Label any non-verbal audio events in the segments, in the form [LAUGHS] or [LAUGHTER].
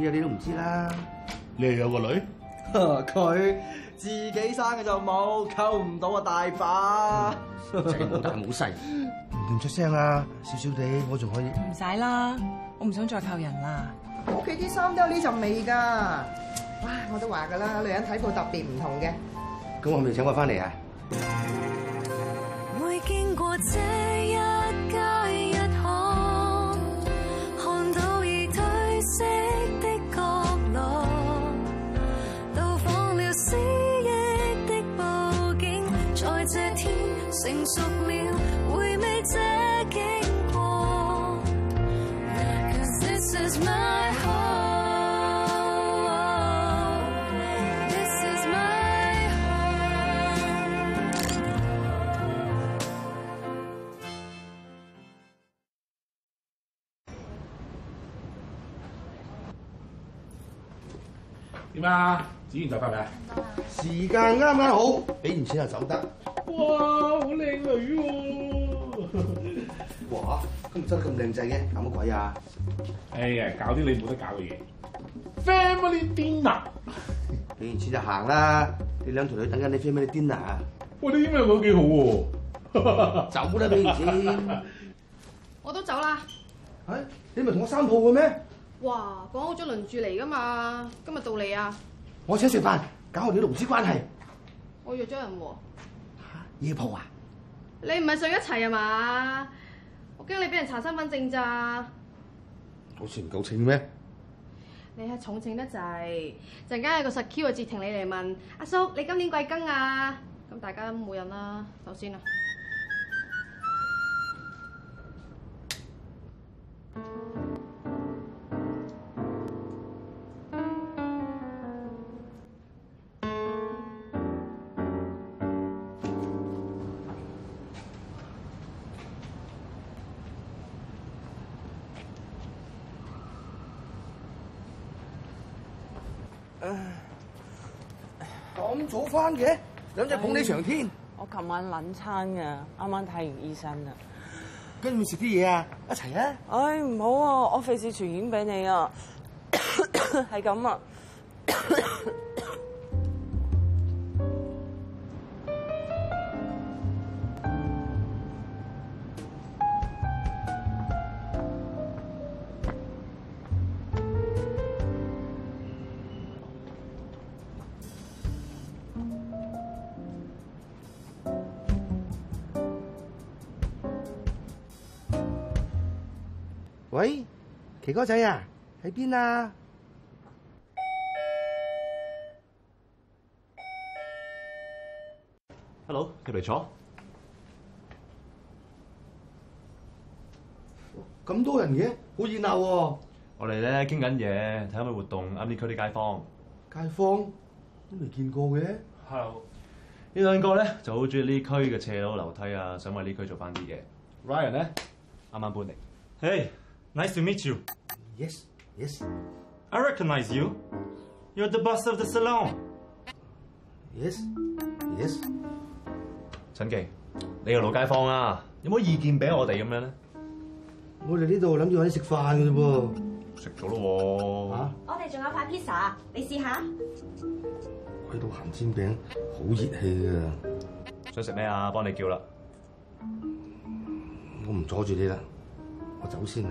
呢啲都唔知啦！你又有個女，佢 [LAUGHS] 自己生嘅就冇，溝唔到啊大把， [LAUGHS] 冇大冇細，唔掂出聲啦，少少地，我仲可以唔使啦，我唔想再溝人啦。屋企啲衫都有呢陣味㗎，哇！我都話㗎啦，女人睇布特別唔同嘅。咁我咪請我返嚟啊？會經過這一家啊！剪完就快未啊？拜拜時間啱啱好，俾完錢就走得。哇！好靚女喎、啊！ [LAUGHS] 哇！咁真係咁靚仔嘅，搞乜鬼啊？哎呀，搞啲你冇得搞嘅嘢。Family dinner，俾完錢就行啦。你兩條女等緊你 family dinner 啊？我啲英文冇幾好喎。走啦，俾完錢。 [LAUGHS] 我都走啦。哎、啊，你咪同我三抱嘅咩？哇，講好咗輪住嚟㗎嘛！今日到你啊，我請食飯，搞好啲勞資關係。我約咗人喎，夜蒲啊！你唔係想一齊啊嘛？我驚你俾人查身份證咋？好似唔夠稱咩？你係、啊、重稱得滯，陣間有個實 Q 啊，截停你嚟問阿叔你今年貴庚啊？咁大家都冇癮啦，走先啦、啊。咁早返嘅，兩隻捧你上天。哎、我琴晚攬餐㗎，啱啱睇完醫生啦。跟住食啲嘢啊，一齊啊！唉、哎，唔好啊，我費事傳染俾你啊，係咁 [COUGHS] 啊。 [COUGHS] 喂，奇哥仔 Hello, 啊，喺邊啊？Hello，入嚟坐。咁多人嘅，好熱鬧喎。我哋咧傾緊嘢，睇下咩活動啱呢區啲街坊。街坊都未見過嘅。Hello，兩呢兩個咧就好中意呢區嘅斜樓樓梯啊，想為區呢區做翻啲嘢。Ryan 咧，啱啱搬嚟。嘿。Nice to meet you. Yes, yes. I recognize you. You're the boss of the salon. Yes, yes. 陳記，你個老街坊啊，有冇意見俾我哋咁樣咧？我哋呢度諗住揾食飯嘅啫喎。食咗咯喎。啊、我哋仲有塊 pizza，你試下。睇到鹹煎餅，好熱氣啊！想食咩啊？幫你叫啦。我唔阻住你啦，我走先啦。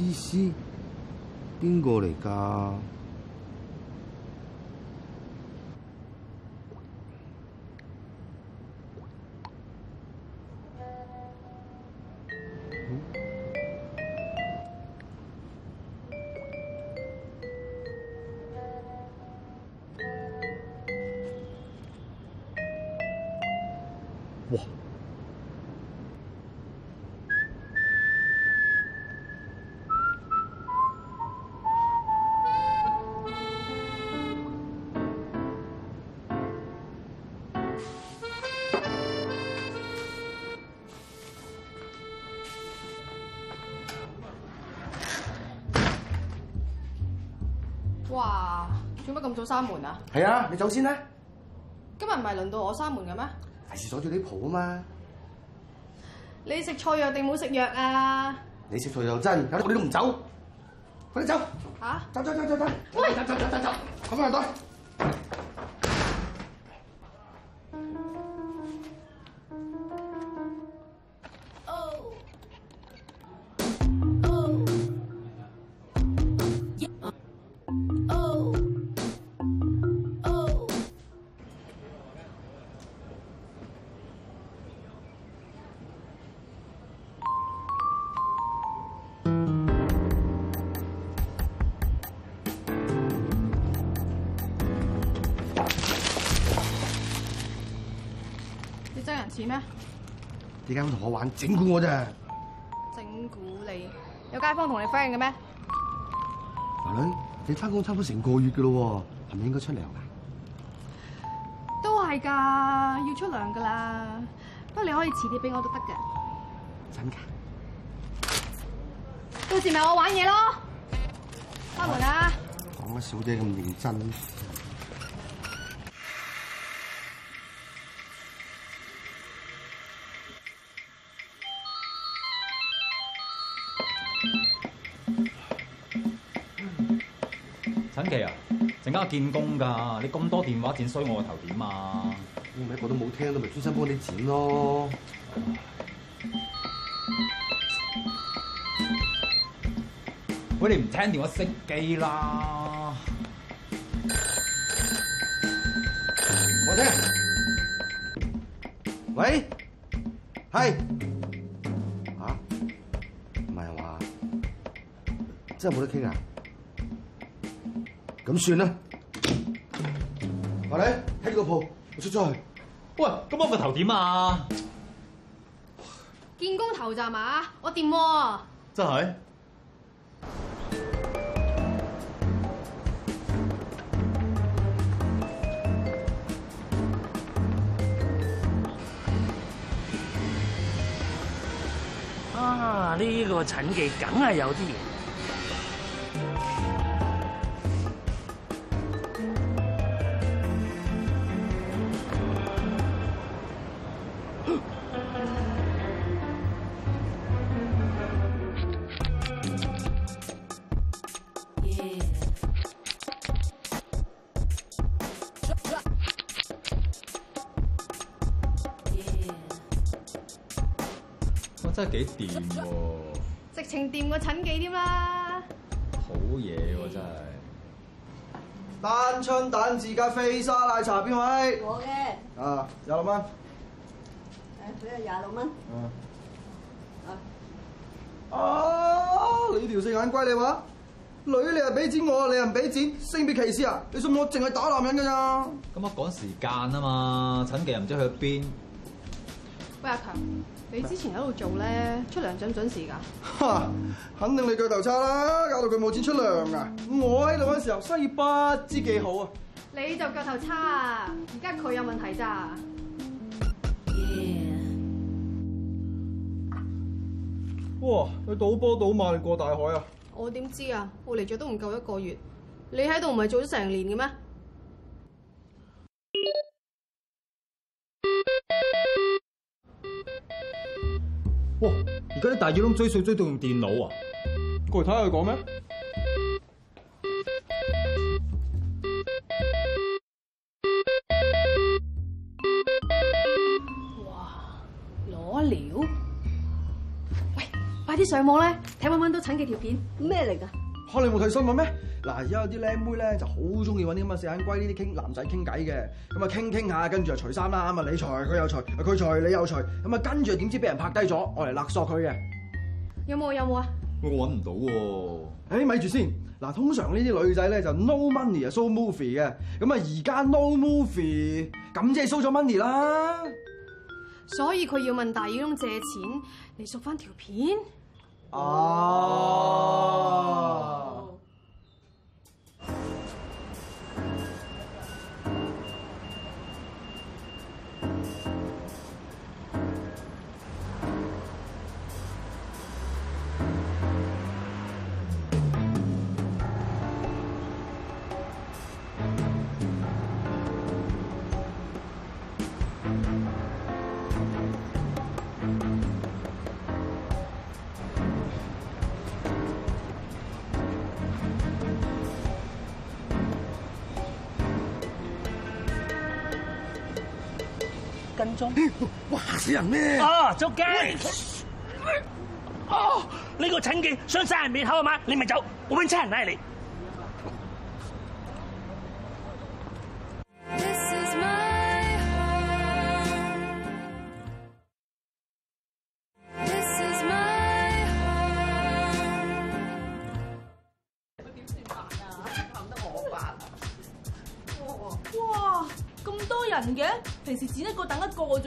依師，邊個嚟噶？哇！做乜咁早閂門啊？係 [MUSIC] 啊，你先走先、啊、啦。今日唔係輪到我閂門嘅咩？係鎖住你啲蒲啊嘛。你食錯藥定冇食藥啊？你食錯藥真，搞到你都唔走，快啲走！嚇、啊！走走走走走，喂！走走走走走，快啲走！走走走走走點咩？點解同我玩整蠱我啫？整蠱你？有街坊同你 friend 嘅咩？阿倫，你返工差唔多成個月嘅咯，係咪應該出糧呀？都係噶，要出糧噶啦。不過你可以遲啲俾我都得嘅。真噶？到時咪我玩嘢咯。開門啦。講乜小姐咁認真？陳記啊！陣間我見工噶，你咁多電話剪衰我個頭點啊？我一個都冇聽，咁咪專心幫你剪咯。唉喂，你唔聽電話熄機啦！我聽！喂，喂，係啊？唔係嘛？真係冇得傾啊？咁算啦，阿你睇住個鋪，我出咗去。喂，今晚個頭點啊？見工頭咋嘛，我掂。真係。啊，呢、這個陳記梗係有啲嘢。真係幾掂喎！直情掂過陳記添啦！好嘢喎，真係！單春蛋自家飛沙奶茶邊位？我嘅的。啊，廿六蚊。誒，佢係廿六蚊。嗯。啊！你條四眼龜你話，女你又俾錢我，你又唔俾錢，性別歧視啊！你信我淨係打男人㗎咋？咁啊，趕時間啊嘛，陳記又唔知去邊。喂，阿強。.你之前喺度做咧出糧準唔準時噶？哈，肯定你腳頭差啦，搞到佢冇錢出糧啊！我喺度嗰時候生意不知幾好啊！你就腳頭差啊！而家佢有問題咋？Yeah. 哇！佢賭波賭馬過大海啊！我點知啊？我嚟咗都唔夠一個月，你喺度唔係做咗成年嘅咩？哇！而家啲大耳窿追數追到用電腦啊！過嚟睇下佢講咩？哇！攞料！喂，快啲上網咧，睇揾揾到陳記幾條片，咩嚟㗎？吓，你冇睇新聞咩？嗱，而家有啲靚妹咧就好中意揾啲咁嘅四眼龜呢啲傾男仔傾偈嘅，咁啊傾傾下，跟住就除衫啦，咁啊你除佢又除，佢除你又除，咁啊跟住點知俾人拍低咗，我嚟勒索佢嘅。有冇？有冇啊？我揾唔到喎。誒，咪住先。嗱，通常呢啲女仔咧就 no money 啊，so movie 嘅，咁啊而家 no movie，咁即係收咗 money 啦。所以佢要問大耳窿借錢嚟贖翻條片。哦、啊。哇死人咩？啊， [NOISE] 捉、哦、雞！啊，呢個陳記想殺人滅口啊嘛？你咪走，我搵差人拉你。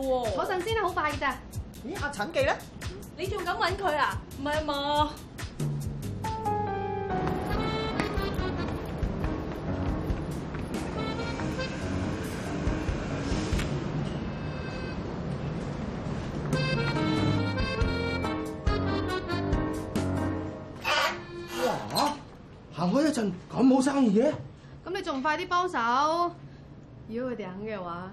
我陣先啦，好快嘅啫。咦、啊，阿陳記咧？你仲敢揾佢啊？唔係啊嘛。哇！行開一陣，咁冇生意嘅。咁你仲快啲幫手，如果佢哋肯嘅話。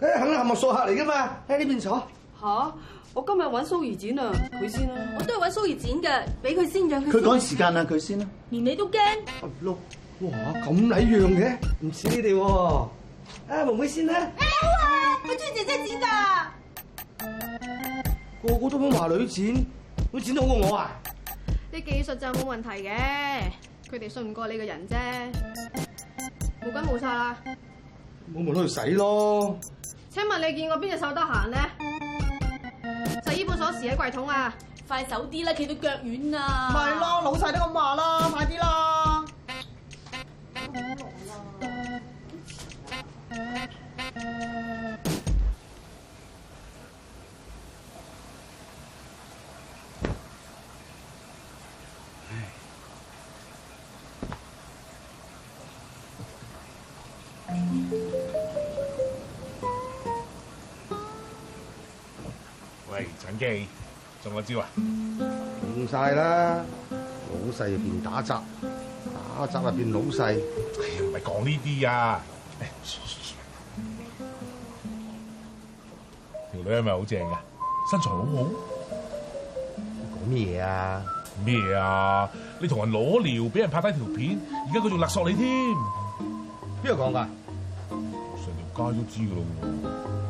佢肯係咪數客嚟噶嘛？喺呢邊坐。嚇、啊！我今日揾 Zoe 剪啊，佢先啊。我都係揾 Zoe 剪嘅，俾佢先讓佢。佢趕時間啊，佢先啊。連你都驚。碌、啊、哇！咁禮讓嘅，唔似你哋喎、啊。啊，妹妹先啦。好啊，佢中意姐姐剪咋。個個都講話女剪，會剪到好過我啊？啲技術就冇問題嘅，佢哋信唔過你個人啫。冇骨冇沙啦。我咪攞嚟洗咯。請問你見過邊隻手得閒呢？洗衣布鎖匙喺櫃桶啊！快手啲啦，企到腳軟啊！咪咯，老細都咁話啦，快啲啦！ [NOISE] 記，仲、okay, 有招啊？用晒啦！老細入邊打雜，打雜入邊老細。哎呀，唔係講呢啲啊！條女係咪好正噶？身材好好。講咩嘢啊？咩啊？你同人裸聊，俾人拍低條片，而家佢仲勒索你添。邊個講噶？成條街都知㗎啦！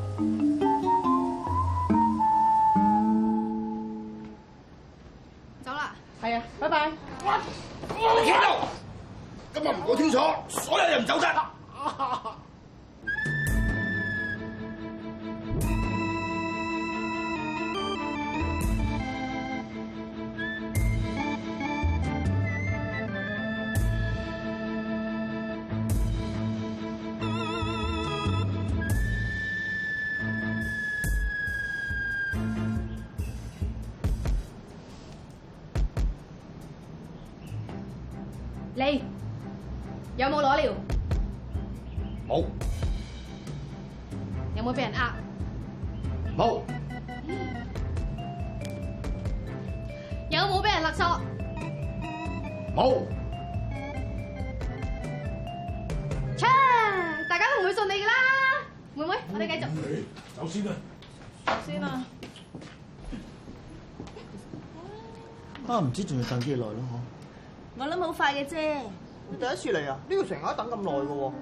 有冇攞料？冇有。有冇俾人呃？冇有。有冇俾人勒索？冇。出，大家都唔會信你㗎啦，妹妹，我哋繼續。嗯、先走先啦。走先啦。啊，唔知仲要等幾耐咯？我諗好快嘅啫。你第一次嚟啊？呢度成日等咁耐嘅喎。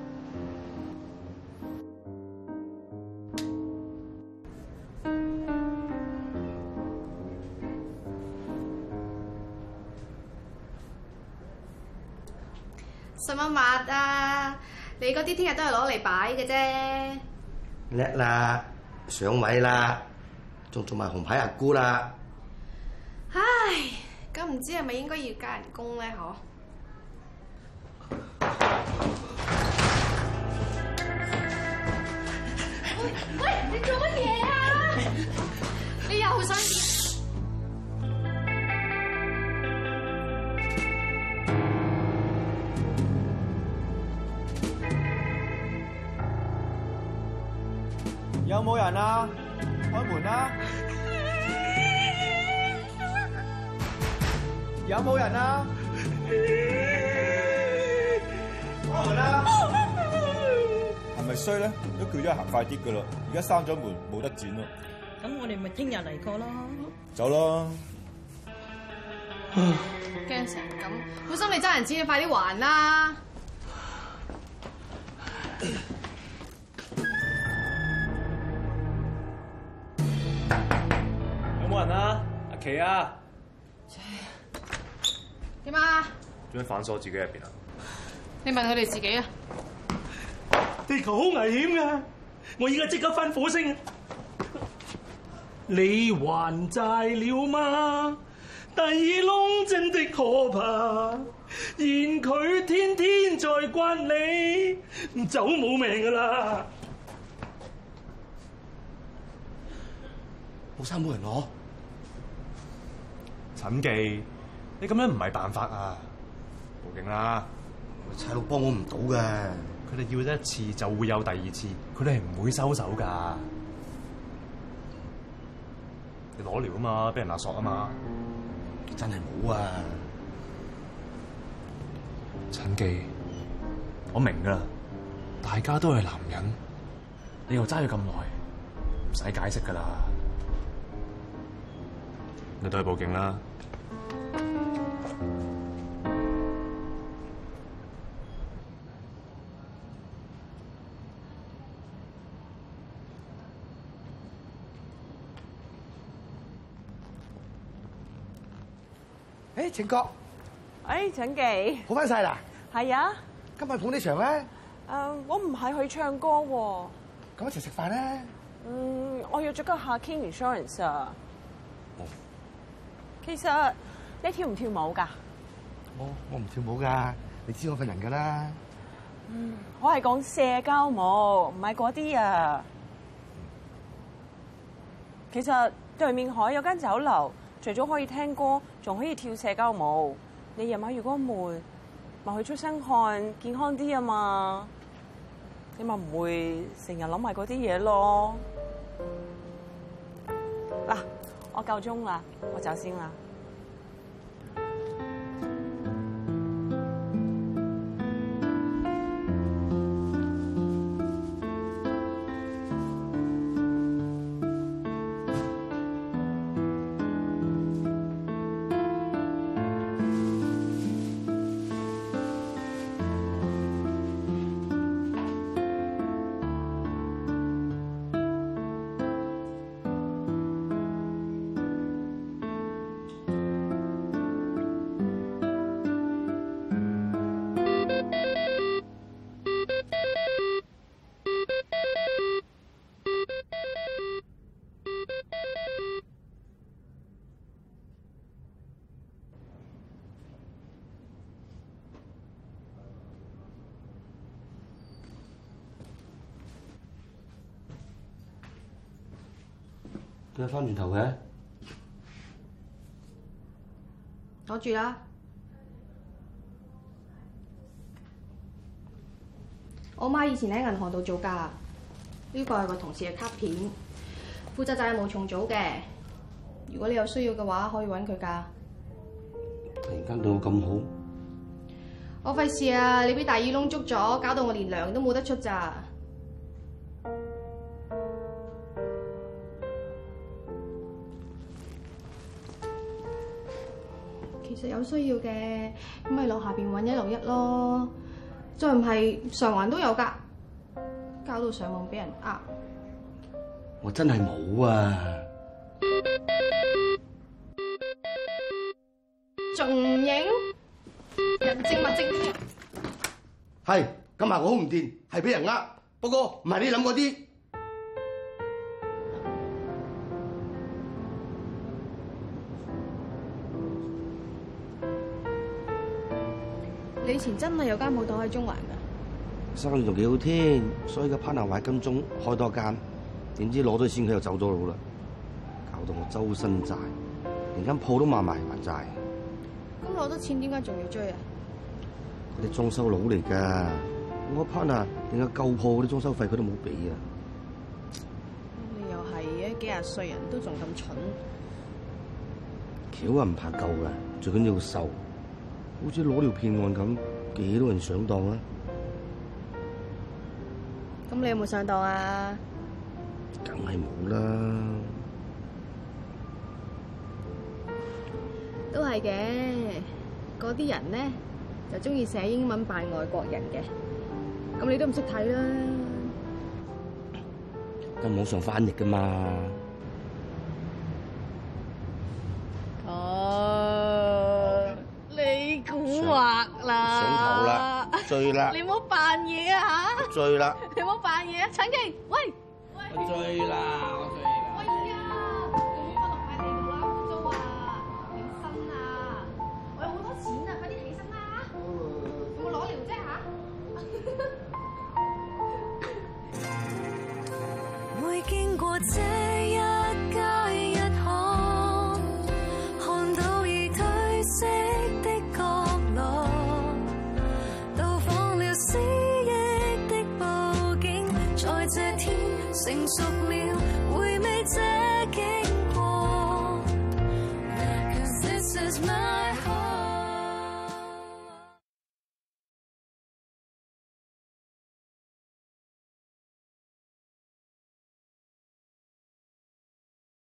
使乜抹啊？你嗰啲聽日都係攞嚟擺嘅啫。叻啦，上位啦，仲做埋紅牌阿姑啦。唉，咁唔知係咪應該要加人工咧？嗬？做乜嘢啊？你又好心機。有冇人啊？開門啦！有冇人啊？開門啦！衰咧，都叫咗行快啲噶啦！而家閂咗門，冇得剪咯。咁我哋咪聽日嚟過咯。走啦！驚成咁，好心你爭人錢，你快啲還啦！有冇人啊？阿琪啊？點啊？做咩反鎖自己入邊啊？你問佢哋自己啊！地球好危險嘅，我依家即刻翻火星。 [LAUGHS] 你還債了嗎？大耳窿真的可怕，見佢天天在刮你，唔走冇命噶啦！冇三冇人攞、呃，陳記，你咁樣唔係辦法啊！報警啦，差佬幫我唔到嘅。佢哋要一次就會有第二次，佢哋係唔會收手噶。你裸聊啊嘛，俾人勒索啊嘛，嗯、真係冇啊！陳記，我明噶啦，大家都係男人，你又揸咗咁耐，唔使解釋噶啦，你都去報警啦。誒，陳哥、欸！誒，陳記！好翻晒啦！係啊！今日捧你場咧。誒，uh, 我唔係去唱歌喎。咁一齊食飯咧？嗯，我要接洽下 King Insurance 啊。哦，其實你跳唔跳舞㗎？我我唔跳舞㗎，你知我份人㗎啦。嗯，我係講社交舞，唔係嗰啲啊。其實對面海有間酒樓，除咗可以聽歌，仲可以跳社交舞，你夜晚如果悶，咪去出身汗，健康啲啊嘛，你咪唔會成日諗埋嗰啲嘢咯。嗱 [NOISE] 、啊，我夠鐘啦，我走先啦。翻轉頭嘅，攞住啦！我媽以前喺銀行度做㗎，呢個係個同事嘅卡片，負責債務重組嘅。如果你有需要嘅話，可以揾佢㗎。突然間對我咁好，我費事啊！你俾大耳窿捉咗，搞到我連糧都冇得出咋～實有需要嘅，咁咪落下邊揾一六一咯。再唔係上環都有噶，搞到上網俾人呃。我真係冇啊！仲影人證物證，係，今日我好唔掂，係俾人呃。不過唔係你諗嗰啲。以前真係有間鋪檔喺中環噶生意仲幾好添。所以個 partner 話金鐘開多間，點知攞咗先，佢又走咗佬啦，搞到我周身債，連間鋪都賣埋還債。咁攞咗錢點解仲要追啊？嗰啲裝修佬嚟噶，我 partner 啊，連個舊鋪嗰啲裝修費佢都冇俾啊。你又係嘅，幾廿歲人都仲咁蠢。橋話唔怕舊噶，最緊要受。好似攞條騙案咁，幾多人上當啊？咁你有冇上當啊？梗係冇啦，都係嘅。嗰啲人咧就中意寫英文扮外國人嘅，咁你都唔識睇啦。喺網上翻譯噶嘛。白啦，醉啦， [LAUGHS] 你唔好扮嘢啊吓！ [LAUGHS] 醉啦，你唔好扮嘢啊，陳記， [NOISE] [NOISE] 喂！我醉啦，醉啦，啊啊！喂呀，你唔好瞓落塊地度啦，污糟啊，起身啊！我有好多錢啊，快啲起身啦！有冇攞料啫吓？